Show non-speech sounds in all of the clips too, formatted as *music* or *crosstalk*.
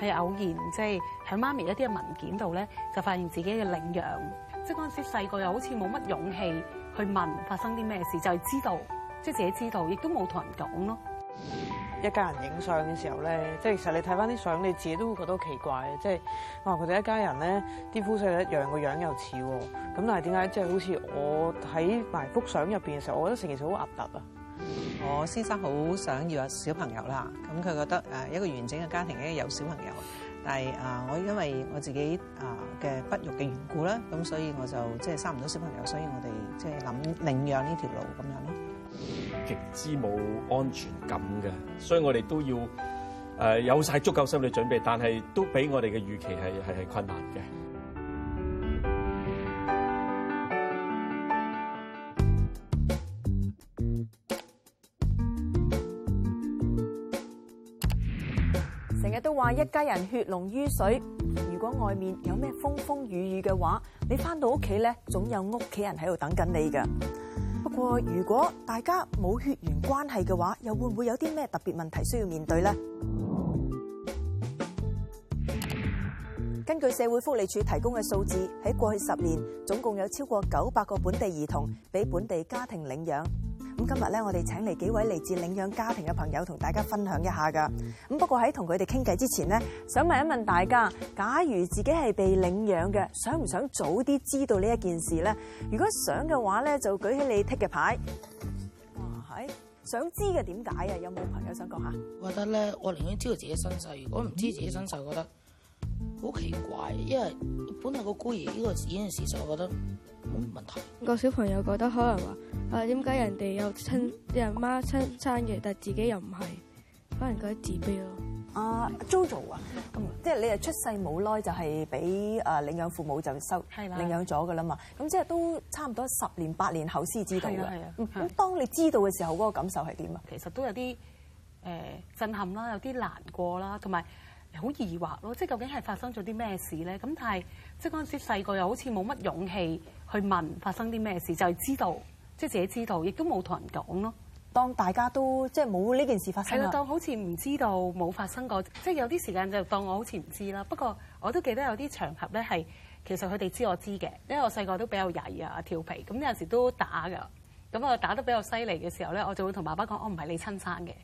係偶然，即係喺媽咪一啲嘅文件度咧，就發現自己嘅領養。即係嗰陣時細個又好似冇乜勇氣去問發生啲咩事，就係知道，即係自己知道，亦都冇同人講咯。一家人影相嘅時候咧，即係其實你睇翻啲相，你自己都會覺得奇怪嘅，即係哇！佢哋一家人咧，啲膚色一樣，個樣又似喎。咁但係點解即係好似我喺埋幅相入邊嘅時候，我覺得成件事好核突啊！我先生好想要有小朋友啦，咁佢覺得誒，一個完整嘅家庭應該有小朋友，但係啊，我因為我自己啊嘅不育嘅緣故啦，咁所以我就即係生唔到小朋友，所以我哋即係諗領養呢條路咁樣咯。極之冇安全感嘅，所以我哋都要誒有晒足夠心理準備，但係都比我哋嘅預期係係係困難嘅。日日都話一家人血濃於水，如果外面有咩風風雨雨嘅話，你翻到屋企咧，總有屋企人喺度等緊你噶。不過如果大家冇血緣關係嘅話，又會唔會有啲咩特別問題需要面對呢？根據社會福利署提供嘅數字，喺過去十年，總共有超過九百個本地兒童俾本地家庭領養。咁今日咧，我哋請嚟幾位嚟自領養家庭嘅朋友，同大家分享一下噶。咁不過喺同佢哋傾偈之前咧，想問一問大家，假如自己係被領養嘅，想唔想早啲知道呢一件事咧？如果想嘅話咧，就舉起你剔嘅牌。哇、啊！係想知嘅點解啊？有冇朋友想講下？覺得咧，我寧願知道自己身世。如果唔知自己身世，我覺得。好奇怪，因為本嚟個姑爺呢個事件事實就我覺得冇乜問題。個小朋友覺得可能話，啊，點解人哋有親阿媽親生嘅，但係自己又唔係，可能覺得自卑咯。啊、uh，Jojo 啊，咁、嗯、即係你係出世冇耐就係俾啊領養父母就收的領養咗㗎啦嘛。咁即係都差唔多十年八年後先知道㗎。咁當你知道嘅時候，嗰、嗰個感受係點啊？其實都有啲誒震撼啦，有啲難過啦，同埋。好疑惑咯，即係究竟係發生咗啲咩事咧？咁但係即係嗰陣時細個又好似冇乜勇氣去問發生啲咩事，就係、是、知道即係、就是、自己知道，亦都冇同人講咯。當大家都即係冇呢件事發生，係啦，當好似唔知道冇發生過，即、就、係、是、有啲時間就當我好似唔知啦。不過我都記得有啲場合咧係其實佢哋知我知嘅，因為我細個都比較曳啊、調皮，咁有陣時都打㗎。咁我打得比較犀利嘅時候咧，我就會同爸爸講：我唔係你親生嘅。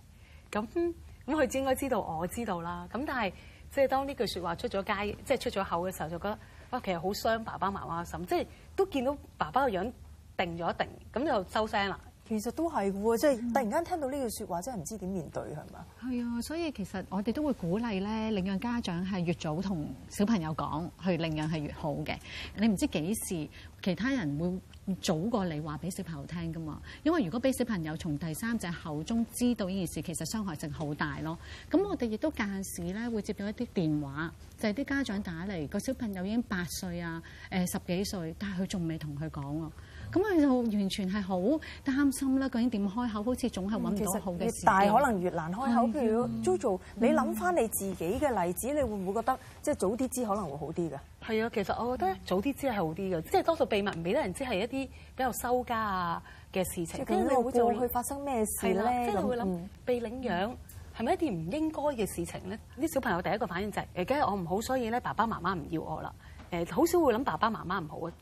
咁咁佢應該知道我知道啦。咁但係即係當呢句説話出咗街，即係出咗口嘅時候，就覺得啊，其實好傷爸爸媽媽嘅心。即係都見到爸爸個樣定咗定，咁就收聲啦。其實都係喎，即係突然間聽到呢句説話，嗯、真係唔知點面對係嘛？係啊，所以其實我哋都會鼓勵咧領養家長係越早同小朋友講，去領養係越好嘅。你唔知幾時其他人會。早過嚟話俾小朋友聽㗎嘛，因為如果俾小朋友從第三者口中知道呢件事，其實傷害性好大咯。咁我哋亦都間時咧會接到一啲電話，就係、是、啲家長打嚟，個小朋友已經八歲啊，呃、十幾歲，但係佢仲未同佢講喎。咁啊，就完全係好擔心啦！究竟點開口，好似總係搵唔到好嘅事、嗯。其實越大，可能越難開口。譬、嗯、如 Jojo、嗯、你諗翻你自己嘅例子，你會唔會覺得、嗯、即係早啲知可能會好啲㗎？係啊，其實我覺得早啲知係好啲嘅、嗯，即係多數秘密唔俾得人知係一啲比較收家啊嘅事情。咁你會做，去發生咩事咧？即係你會諗、嗯、被領養係咪一啲唔應該嘅事情咧？啲小朋友第一個反應就係、是：，誒，梗係我唔好，所以咧，爸爸媽媽唔要我啦。誒，好少會諗爸爸媽媽唔好啊。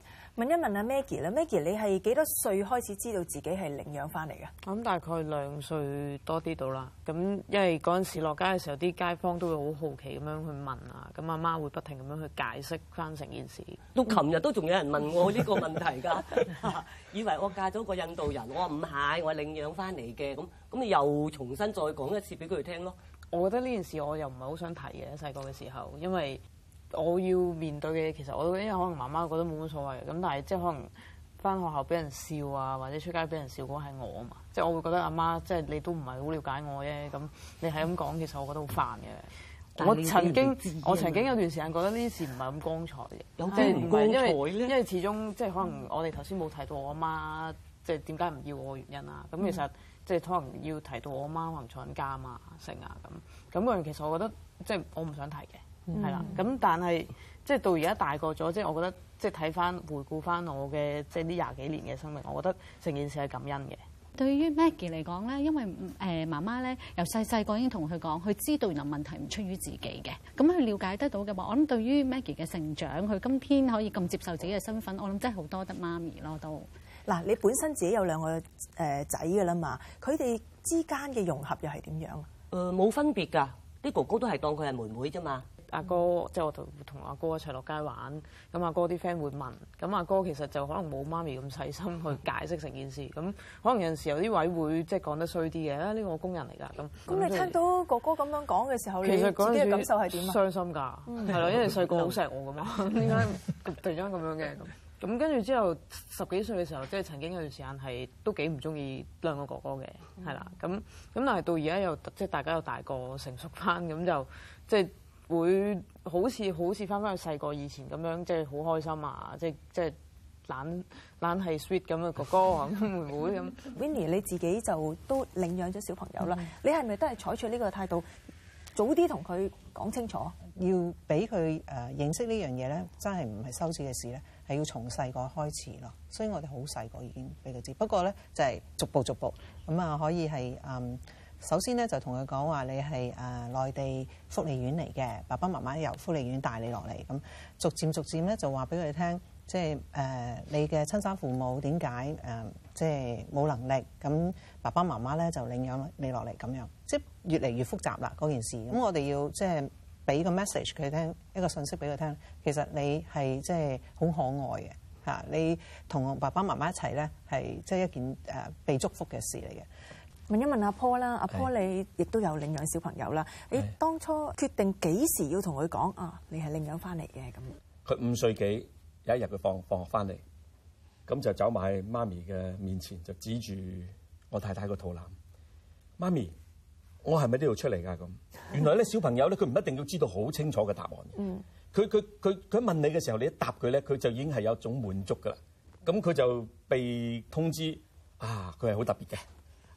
問一問阿 Maggie 啦，Maggie 你係幾多歲開始知道自己係領養翻嚟嘅？咁大概兩歲多啲到啦。咁因為嗰陣時落街嘅時候，啲街坊都會好好奇咁樣去問啊。咁阿媽會不停咁樣去解釋翻成件事。到琴日都仲有人問我呢個問題㗎， *laughs* *laughs* 以為我嫁咗個印度人，我話唔係，我係領養翻嚟嘅。咁咁你又重新再講一次俾佢哋聽咯。我覺得呢件事我又唔係好想提嘅，細個嘅時候，因為。我要面對嘅，其實我因為可能媽媽覺得冇乜所謂嘅，咁但係即係可能返學校俾人笑啊，或者出街俾人笑，嗰係我啊嘛。即係我會覺得阿媽即係你都唔係好了解我啫。咁你係咁講，其實我覺得好煩嘅。我曾經我曾經有段時間覺得呢啲事唔係咁光彩嘅，即係唔光彩咧。因為始終即係可能我哋頭先冇提到我阿媽、嗯、即係點解唔要我嘅原因啦。咁、嗯、其實即係可能要提到我阿媽可能坐緊監啊、成啊咁。咁嗰樣其實我覺得即係我唔想提嘅。係、嗯、啦，咁但係即係到而家大個咗，即係我覺得即係睇翻回顧翻我嘅即係呢廿幾年嘅生命，我覺得成件事係感恩嘅。對於 Maggie 嚟講咧，因為誒媽媽咧由細細個已經同佢講，佢知道原來問題唔出於自己嘅，咁佢瞭解得到嘅話，我諗對於 Maggie 嘅成長，佢今天可以咁接受自己嘅身份，我諗真係好多得媽咪咯。都，嗱，你本身自己有兩個誒仔嘅啦嘛，佢哋之間嘅融合又係點樣啊？冇，呃、分別㗎，啲哥哥都係當佢係妹妹啫嘛。阿哥即係、就是、我同同阿哥一齊落街玩，咁阿哥啲 friend 會問，咁阿哥、哥其實就可能冇媽咪咁細心去解釋成件事，咁可能有陣時候有啲位會即係講得衰啲嘅，啊、這、呢個我工人嚟㗎咁。咁你聽到哥哥咁樣講嘅時候，你自己嘅感受係點啊？傷心㗎，係、嗯、咯、嗯，因為細個好錫我㗎嘛，點 *laughs* 解突然間咁樣嘅？咁咁跟住之後十幾歲嘅時候，即、就、係、是、曾經有段時間係都幾唔中意兩個哥哥嘅，係、嗯、啦，咁咁但係到而家又即係大家又大個成熟翻，咁就即係。就是會好似好似翻返去細個以前咁樣，即係好開心啊！即即懶懶係 sweet 咁啊，哥哥啊妹妹咁。 *laughs* *laughs* Winnie 你自己就都領養咗小朋友啦、嗯，你係咪都係採取呢個態度？早啲同佢講清楚，要俾佢誒認識呢樣嘢咧，真係唔係羞恥嘅事咧，係要從細個開始咯。所以我哋好細個已經俾佢知，不過咧就係、是、逐步逐步咁啊、嗯，可以係首先咧就同佢講話，你係誒內地福利院嚟嘅，爸爸媽媽由福利院帶你落嚟，咁逐漸逐漸咧就話俾佢聽，即係誒你嘅親生父母點解誒即係冇能力，咁爸爸媽媽咧就領養你落嚟咁樣，即係越嚟越複雜啦嗰件事。咁我哋要即係俾個 message 佢聽，一個信息俾佢聽，其實你係即係好可愛嘅嚇，你同爸爸媽媽一齊咧係即係一件誒被祝福嘅事嚟嘅。問一問阿 Paul 啦，阿 Paul 你亦都有領養小朋友啦。你當初決定幾時要同佢講啊？你係領養翻嚟嘅咁。佢五歲幾有一日，佢放放學翻嚟，咁就走埋去媽咪嘅面前，就指住我太太個肚腩。媽咪，我係咪呢度出嚟㗎？咁原來咧小朋友咧，佢唔一定要知道好清楚嘅答案。嗯。 *laughs* 佢佢佢佢問你嘅時候，你一答佢咧，佢就已經係有一種滿足㗎啦。咁佢就被通知啊，佢係好特別嘅。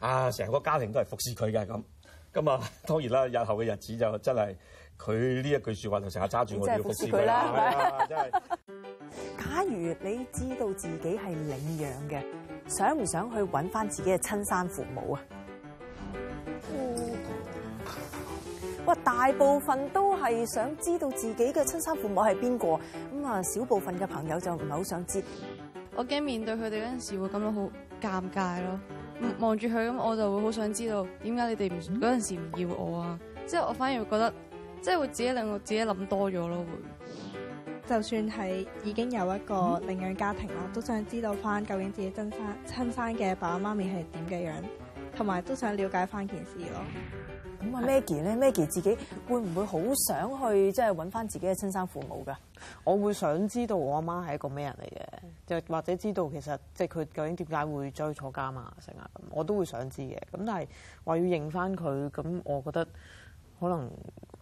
啊！成個家庭都係服侍佢嘅咁，咁啊當然啦，日後嘅日子就真係佢呢一句説話就成日揸住我真要服侍佢啦。啊、 *laughs* 真係。假如你知道自己係領養嘅，想唔想去揾翻自己嘅親生父母啊、嗯？哇！大部分都係想知道自己嘅親生父母係邊個，咁啊少部分嘅朋友就唔係好想知道。我驚面對佢哋嗰陣時候會感到好尷尬咯。望住佢咁，我就會好想知道點解你哋唔嗰陣時唔要我啊！之後我反而會覺得，即係會自己令我自己諗多咗咯，會。就算係已經有一個領養家庭啦，都想知道翻究竟自己真生親生嘅爸爸媽咪係點嘅樣，同埋都想了解翻件事咯。咁啊，Maggie 咧，Maggie 自己會唔會好想去即係揾翻自己嘅親生父母㗎？我會想知道我阿媽係一個咩人嚟嘅，即、嗯、或者知道其實即係佢究竟點解會走去坐監啊，成啊咁，我都會想知嘅。咁但係話要認翻佢，咁我覺得可能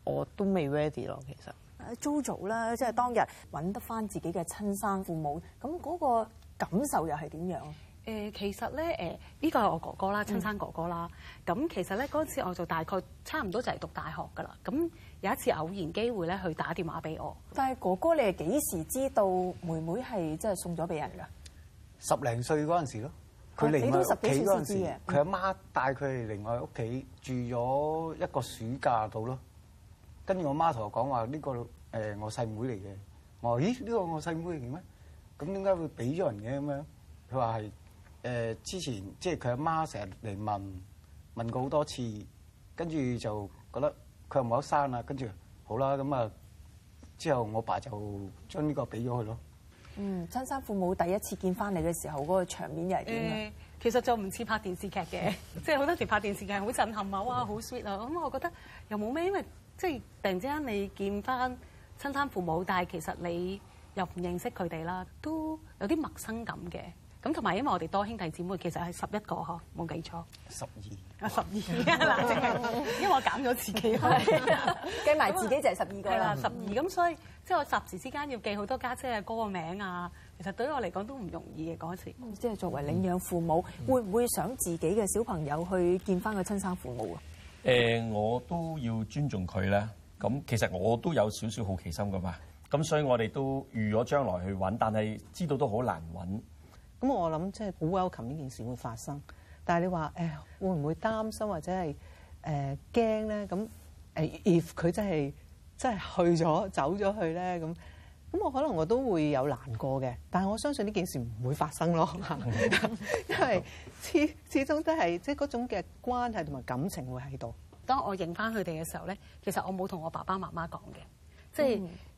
我都未 ready 咯，其實。Jojo 啦，即係當日揾得翻自己嘅親生父母，咁嗰個感受又係點樣？誒其實咧，誒依個係我哥哥啦，親生哥哥啦。咁、嗯、其實咧嗰陣我就大概差唔多就係讀大學㗎啦。咁有一次偶然機會咧，佢打電話俾我。但係哥哥，你係幾時知道妹妹係即係送咗俾人㗎？十零歲嗰陣時咯，佢嚟十幾歲嗰陣時，佢、啊、阿媽帶佢嚟我屋企住咗一個暑假度咯。跟、嗯、住我媽同我講話，呢個誒我細妹嚟嘅。我話咦，呢個我細妹嚟咩？咁點解會俾咗人嘅咁樣？佢話係。誒、呃、之前即係佢阿媽成日嚟問問過好多次，跟住就覺得佢又冇得生啦、啊，跟住好啦咁啊！之後我爸就將呢個俾咗佢咯。嗯，親生父母第一次見翻你嘅時候嗰、那個場面又係點啊？誒、嗯，其實就唔似拍電視劇嘅， *laughs* 即係好多時拍電視劇好震撼好啊、哇、 *laughs* 好 sweet 啊，咁我覺得又冇咩，因為即係突然之間你見翻親生父母，但係其實你又唔認識佢哋啦，都有啲陌生感嘅。咁同埋，因為我哋多兄弟姊妹，其實係十一個嗬，冇記錯十二啊，十二，因為我減咗自己，計埋自己就係十二個啦。十二咁，所以即係我霎時之間要記好多家姐阿哥個名啊。其實對於我嚟講都唔容易嘅嗰時。即係作為領養父母，會唔會想自己嘅小朋友去見翻個親生父母啊？誒，我都要尊重佢啦。咁其實我都有少少好奇心㗎嘛。咁所以我哋都預咗將來去揾，但係知道都好難揾。咁我諗即係古偶琴呢件事會發生，但係你話誒，會唔會擔心或者係誒驚咧？咁誒，if 佢真係真係去咗走咗去咧，咁咁我可能我都會有難過嘅，但係我相信呢件事唔會發生咯。嗯，因為始始終都係即係嗰種嘅關係同埋感情會喺度。當我認返佢哋嘅時候咧，其實我冇同我爸爸媽媽講嘅，即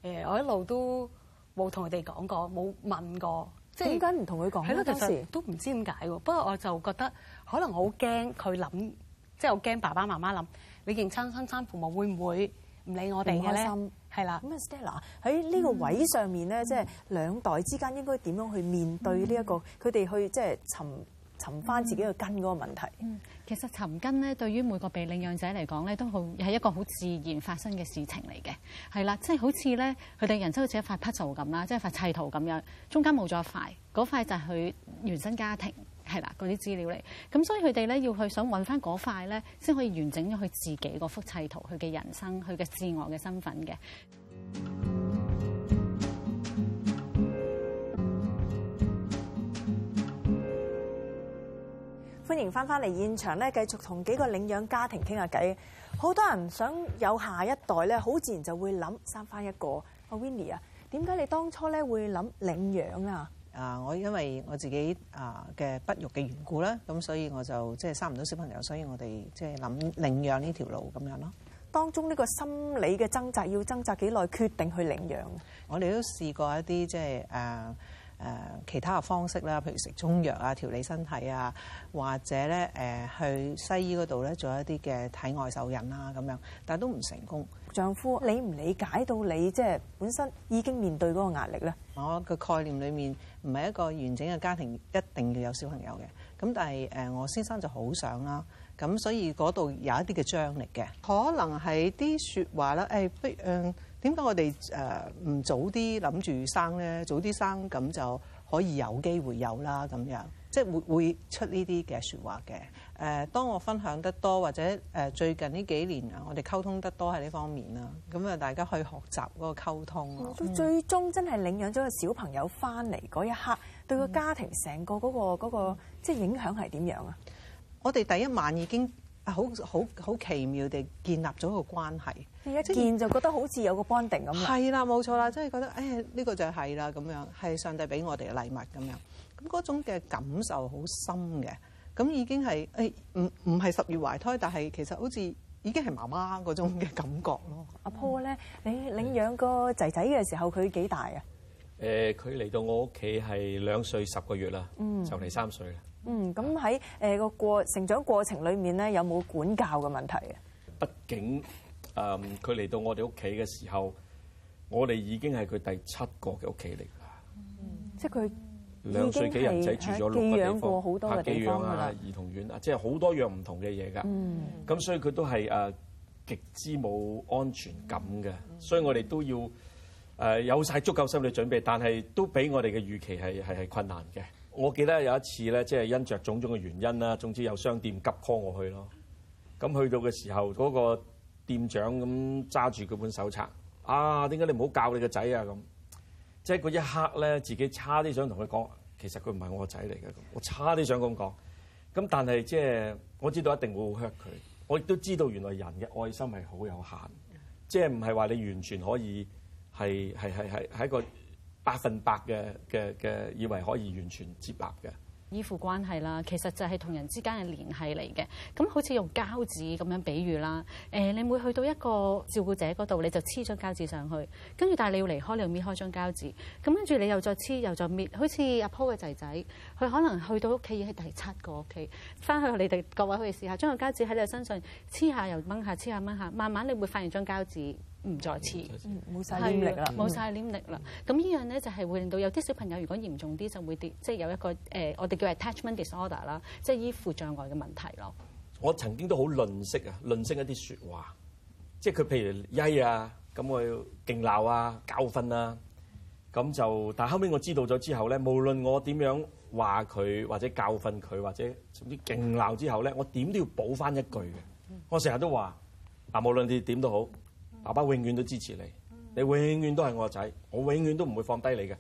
係誒我一路都冇同佢哋講過，冇問過。即點解唔同佢講咧？當時都唔知點解喎。不過 *music* 我就覺得可能好驚佢諗，即係我驚爸爸媽媽諗，你認親生親父母會唔會唔理我哋開心，係啦。咁啊，Stella 喺呢個位上面咧，即、嗯、係、就是、兩代之間應該點樣去面對呢、這、一個？佢、嗯、哋去即係、就是、尋。尋翻自己個根嗰個問題，嗯，其實尋根咧，對於每個被領養者嚟講咧，都好係一個好自然發生嘅事情嚟嘅，係啦，即係好似咧，佢哋人生好似一塊拼圖咁啦，即係塊砌圖咁樣，中間冇咗塊，嗰塊就係佢原生家庭係啦嗰啲資料嚟，咁所以佢哋咧要去想揾翻嗰塊咧，先可以完整咗佢自己個幅砌圖，佢嘅人生，佢嘅自我嘅身份嘅。歡迎翻翻嚟現場咧，繼續同幾個領養家庭傾下偈。好多人想有下一代咧，好自然就會諗生翻一個。阿 Winnie 啊，點解你當初咧會諗領養啊？啊，我因為我自己啊嘅不育嘅緣故啦，咁所以我就即係生唔到小朋友，所以我哋即係諗領養呢條路咁樣咯。當中呢個心理嘅掙扎要掙扎幾耐，決定去領養？我哋都試過一啲即係啊。呃誒其他嘅方式啦，譬如食中藥啊，調理身體啊，或者咧去西醫嗰度咧做一啲嘅體外受孕啦咁樣，但係都唔成功。丈夫，你唔理解到你即係本身已經面對嗰個壓力咧？我嘅概念裏面唔係一個完整嘅家庭一定要有小朋友嘅，咁但係我先生就好想啦，咁所以嗰度有一啲嘅張力嘅，可能係啲説話啦，誒、哎，譬如嗯。為我們不早，點解我哋誒唔早啲諗住生咧？早啲生，咁就可以有機會有啦，咁樣即係會會出呢啲嘅説話嘅。誒，當我分享得多或者誒最近呢幾年啊，我哋溝通得多喺呢方面啦，咁啊大家去學習嗰個溝通。咁最終真係領養咗個小朋友翻嚟嗰一刻，對個家庭成個嗰、嗰個即係、嗯、影響係點樣啊？我哋第一晚已經。好好好奇妙地建立咗個關係，一見就覺得好似有個 bonding 咁係啦，冇、就是、錯啦，真係覺得誒呢、哎這個就係啦咁樣，係上帝俾我哋嘅禮物咁樣。咁嗰種嘅感受好深嘅，咁已經係誒唔唔係十月懷胎，但係其實好似已經係媽媽嗰種嘅感覺咯。阿、嗯、Paul o 咧，你領養個仔仔嘅時候佢幾大啊？誒、呃，佢嚟到我屋企係兩歲十個月啦，就、嗯、嚟三歲啦。嗯，咁喺誒個過成長過程裏面咧，有冇管教嘅問題啊？畢竟誒佢嚟到我哋屋企嘅時候，我哋已經係佢第七個嘅屋企嚟噶。嗯，即係佢兩歲幾人仔住咗六個地方，寄養過好多嘅方法啦，兒童院啊，即係好多樣唔同嘅嘢噶。嗯，咁所以佢都係誒極之冇安全感嘅，嗯，所以我哋都要誒、啊、有晒足夠心理準備，但係都比我哋嘅預期係係係困難嘅。我記得有一次咧，即係因着種種嘅原因啦，總之有商店急 call 我去咯。咁去到嘅時候，嗰個店長咁揸住佢本手冊，啊，點解你唔好教你個仔啊？咁即係嗰一刻咧，自己差啲想同佢講，其實佢唔係我個仔嚟嘅，咁我差啲想咁講。咁但係即係我知道一定會好 hurt 佢，我亦都知道原來人嘅愛心係好有限，即係唔係話你完全可以係係係係一個。百分百嘅嘅嘅，以為可以完全接納嘅依附關係啦，其實就係同人之間嘅聯繫嚟嘅。咁好似用膠紙咁樣比喻啦，誒、欸，你每去到一個照顧者嗰度，你就黐張膠紙上去，跟住但係你要離開，你要搣開張膠紙。咁跟住你又再黐，又再搣，好似阿 Paul 嘅仔仔，佢可能去到屋企已經係第七個屋企。翻去你哋各位可以試下，將個膠紙喺你嘅身上黐下又掹下，黐下掹下，慢慢你會發現張膠紙。唔再黐，冇曬黏力啦！冇曬黏力啦！咁呢樣咧就係會令到有啲小朋友如果嚴重啲就會跌，即係有一個誒我哋叫 attachment disorder 啦，即係依附障礙嘅問題咯。我曾經都好吝嗇啊，吝嗇一啲説話，即係佢譬如曳啊，咁我要勁鬧啊，教訓啊，咁就但後尾我知道咗之後咧，無論我點樣話佢，或者教訓佢，或者啲勁鬧之後咧，我點都要補翻一句嘅。我成日都話啊，無論你點都好，爸爸永遠都支持你，你永遠都係我個仔，我永遠都唔會放低你嘅。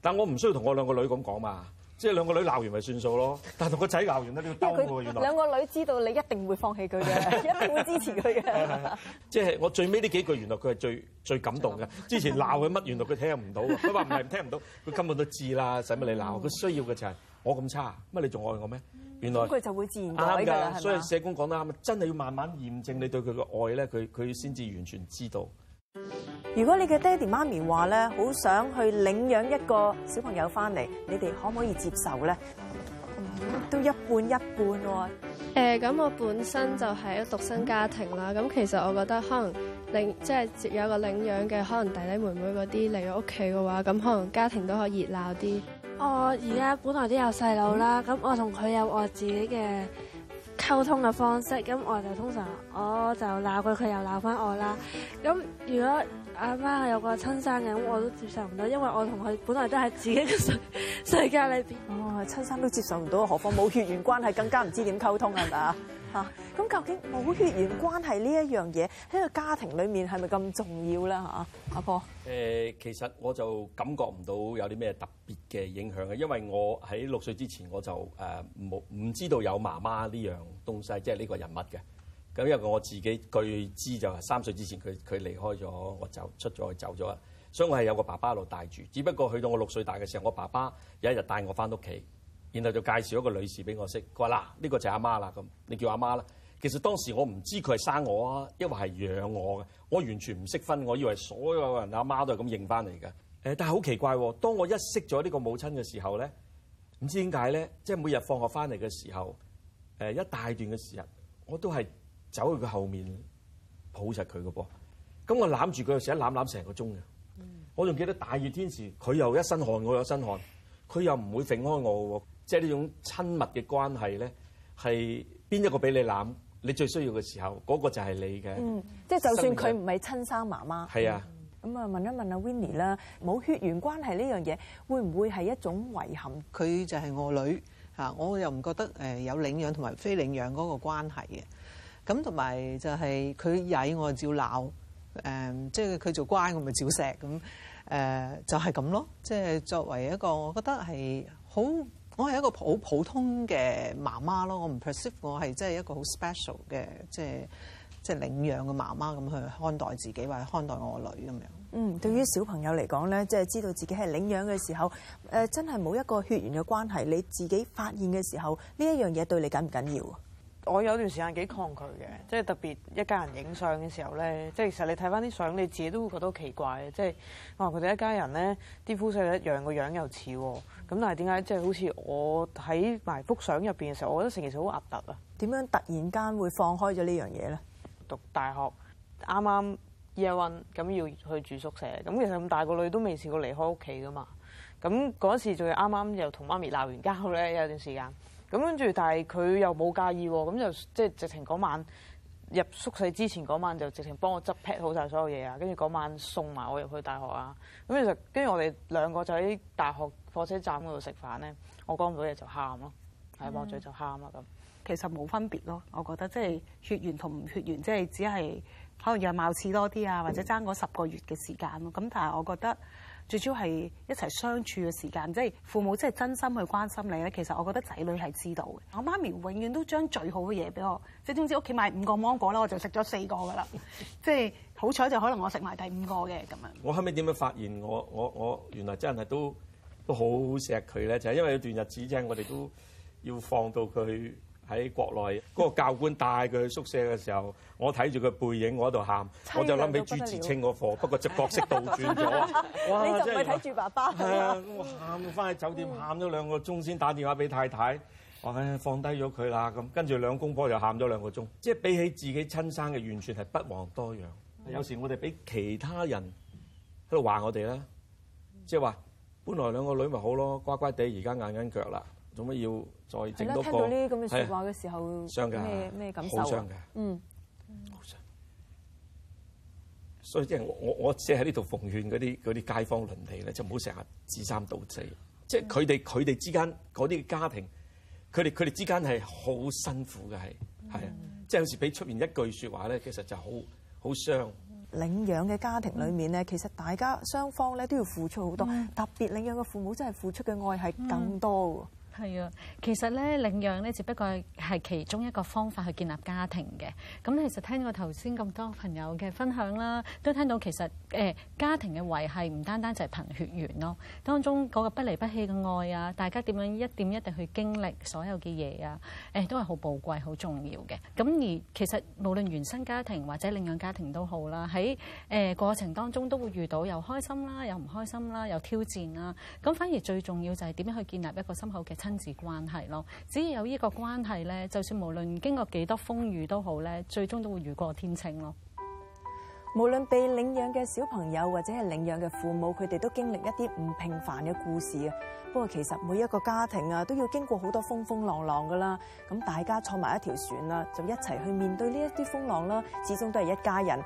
但我唔需要同我兩個女咁講嘛，即係兩個女鬧完咪算數咯。但係同個仔鬧完咧，呢個原來兩個女知道你一定會放棄佢嘅， *laughs* 一定會支持佢嘅。即係、就係、我最尾呢幾句，原來佢係最最感動嘅。之前鬧佢乜，原來佢聽唔到。佢話唔係唔聽唔到，佢根本都知啦。使乜你鬧？佢、嗯、需要嘅就係、係、我咁差，乜你仲愛我咩？原來咁佢就會自然改㗎啦。所以社工講得啱，真係要慢慢驗證你對佢嘅愛咧，佢佢先至完全知道。如果你嘅爹哋媽咪話咧，好想去領養一個小朋友翻嚟，你哋可唔可以接受咧、嗯？都一半一半喎。誒、欸，咁我本身就係一個獨生家庭啦。咁其實我覺得可能領即係有一個領養嘅，可能弟弟妹妹嗰啲嚟屋企嘅話，咁可能家庭都可以熱鬧啲。我而家本來都有細佬啦，咁我同佢有我自己嘅溝通嘅方式，咁我就通常我就鬧佢，佢又鬧返我啦。咁如果阿媽，媽有個親生嘅，咁我都接受唔到，因為我同佢本來都係自己嘅世世界裏邊。哇、哦！親生都接受唔到，何況冇血緣關係，更加唔知點溝通啦，係咪啊？ *laughs* 嚇、啊！咁究竟冇血緣關係呢一樣嘢喺個家庭裏面係咪咁重要咧？嚇，阿婆，婆，誒，其實我就感覺唔到有啲咩特別嘅影響嘅，因為我喺六歲之前我就誒冇唔知道有媽媽呢樣東西，即係呢個人物嘅。咁因為我自己據知就係三歲之前佢佢離開咗，我走出咗去走咗，所以我係有個爸爸喺度帶住。只不過去到我六歲大嘅時候，我爸爸有一日帶我翻屋企。然後就介紹一個女士俾我識，佢話嗱，呢個就阿媽啦，咁你叫阿媽啦。其實當時我唔知佢係生我啊，抑或係養我嘅，我完全唔識分。我以為所有人阿媽都係咁認翻嚟㗎。誒，但係好奇怪，當我一識咗呢個母親嘅時候咧，唔知點解咧，即係每日放學翻嚟嘅時候，誒一大段嘅時日我都係走去佢後面抱實佢嘅噃。咁我攬住佢成一攬攬成個鐘嘅、嗯。我仲記得大熱天時，佢又一身汗，我有身汗，佢又唔會甩開我。即係呢種親密嘅關係咧，係邊一個俾你攬？你最需要嘅時候，嗰個就係你嘅。嗯，即係就算佢唔係親生媽媽，係啊。咁啊，問一問阿 Winnie 啦，冇血緣關係呢樣嘢，會唔會係一種遺憾？佢就係我女吓，我又唔覺得誒有領養同埋非領養嗰個關係嘅。咁同埋就係佢曳我，就照鬧誒。即係佢做乖，我咪照錫咁。誒就係咁咯。即係作為一個，我覺得係好。我係一個好普通嘅媽媽咯，我唔 perceive 我係真係一個好 special 嘅即係即係領養嘅媽媽咁去看待自己或者看待我個女咁樣。嗯，對於小朋友嚟講咧，即係知道自己係領養嘅時候，誒真係冇一個血緣嘅關係，你自己發現嘅時候，呢一樣嘢對你緊唔緊要？我有段時間幾抗拒嘅，即係特別一家人影相嘅時候咧，即係其實你睇翻啲相，你自己都會覺得好奇怪，即係啊佢哋一家人咧，啲膚色一樣，個樣又似喎，咁但係點解即係好似我喺埋幅相入邊嘅時候，我覺得成件事好核突啊？點樣突然間會放開咗呢樣嘢咧？讀大學啱啱 year one 咁要去住宿舍，咁其實咁大個女都未試過離開屋企噶嘛，咁嗰時仲要啱啱又同媽咪鬧完交咧，有段時間。咁跟住，但係佢又冇介意喎，咁就即係直情嗰晚入宿舍之前嗰晚就直情幫我執 pack 好曬所有嘢啊，跟住嗰晚送埋我入去大學啊，咁其實跟住我哋兩個就喺大學火車站嗰度食飯咧，我講唔到嘢就喊咯，大、嗯、望嘴就喊啦咁，其實冇分別咯，我覺得即係血緣同唔血緣即係只係可能樣貌似多啲啊，或者爭嗰十個月嘅時間咯，咁但係我覺得。最主要係一齊相處嘅時間，即係父母真係真心去關心你咧。其實我覺得仔女係知道嘅。我媽咪永遠都將最好嘅嘢俾我，即係總之屋企買五個芒果啦，我就食咗四個噶啦， *laughs* 即係好彩就可能我食埋第五個嘅咁樣。我後尾點樣發現我我我原來真係都都好錫佢咧，就係因為有段日子即係我哋都要放到佢。喺國內嗰、嗰個教官帶佢去宿舍嘅時候，我睇住佢背影，我喺度喊，我就諗起朱自清嗰課，不過隻角色倒轉咗。 *laughs* 你真係睇住爸爸係啊！我喊到翻喺酒店，喊咗兩個鐘先打電話俾太太，我、哎、唉放低咗佢啦咁。跟住兩公婆就喊咗兩個鐘，即係比起自己親生嘅，完全係不遑多讓。有、嗯、時我哋俾其他人喺度話我哋啦，即係話本來兩個女咪好咯，乖乖地而家眼緊腳啦。有乜要再整到？係聽到呢啲咁嘅説話嘅時候，咩咩感受啊？嗯，好傷的。所以即係我我淨係喺呢度奉勸嗰啲啲街坊鄰里咧，就唔好成日指三道四。即係佢哋佢哋之間嗰啲家庭，佢哋佢哋之間係好辛苦嘅，係係啊。即、嗯、係、就是、有時俾出面一句説話咧，其實就好好傷領養嘅家庭裏面咧、嗯，其實大家雙方咧都要付出好多、嗯，特別領養嘅父母真係付出嘅愛係更多㗎。嗯。係啊，其實咧領養咧，只不過係其中一個方法去建立家庭嘅。咁你其實聽過頭先咁多朋友嘅分享啦，都聽到其實誒家庭嘅維繫唔單單就係憑血緣咯，當中嗰個不離不棄嘅愛啊，大家點樣一點一滴去經歷所有嘅嘢啊，誒都係好寶貴、好重要嘅。咁而其實無論原生家庭或者領養家庭都好啦，喺誒過程當中都會遇到又開心啦，又唔開心啦，又挑戰啦。咁反而最重要就係點樣去建立一個深厚嘅親親子關係咯，只要有呢個關係咧，就算無論經過幾多風雨都好咧，最終都會雨過天晴咯。無論被領養嘅小朋友或者係領養嘅父母，佢哋都經歷一啲唔平凡嘅故事啊。不過其實每一個家庭啊，都要經過好多風風浪浪噶啦。咁大家坐埋一條船啦，就一齊去面對呢一啲風浪啦。始終都係一家人。